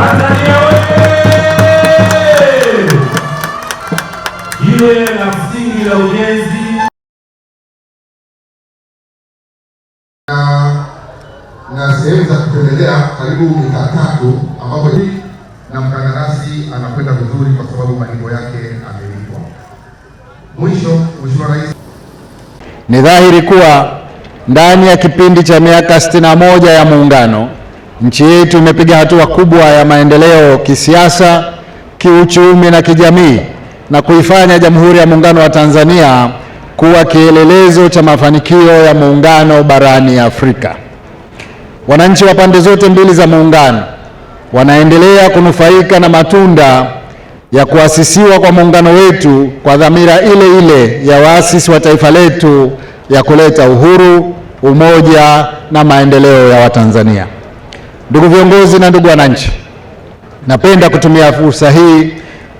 Tanzania jiwe la msingi la ujenzi na sehemu za kutembelea karibu mitaa tatu, ambapo na mkandarasi anakwenda vizuri kwa sababu malipo yake amelipwa. Mwisho, Mheshimiwa Rais, ni dhahiri kuwa ndani ya kipindi cha miaka 61 ya Muungano Nchi yetu imepiga hatua kubwa ya maendeleo kisiasa, kiuchumi na kijamii na kuifanya Jamhuri ya Muungano wa Tanzania kuwa kielelezo cha mafanikio ya muungano barani Afrika. Wananchi wa pande zote mbili za muungano wanaendelea kunufaika na matunda ya kuasisiwa kwa muungano wetu kwa dhamira ile ile ya waasisi wa taifa letu ya kuleta uhuru, umoja na maendeleo ya Watanzania. Ndugu viongozi na ndugu wananchi, napenda kutumia fursa hii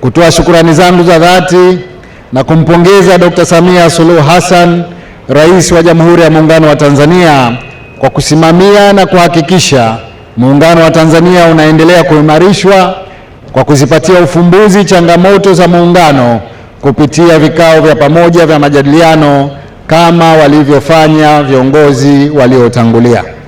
kutoa shukurani zangu za dhati na kumpongeza Dr. Samia Suluhu Hassan, Rais wa Jamhuri ya Muungano wa Tanzania kwa kusimamia na kuhakikisha Muungano wa Tanzania unaendelea kuimarishwa kwa kuzipatia ufumbuzi changamoto za muungano kupitia vikao vya pamoja vya majadiliano kama walivyofanya viongozi waliotangulia.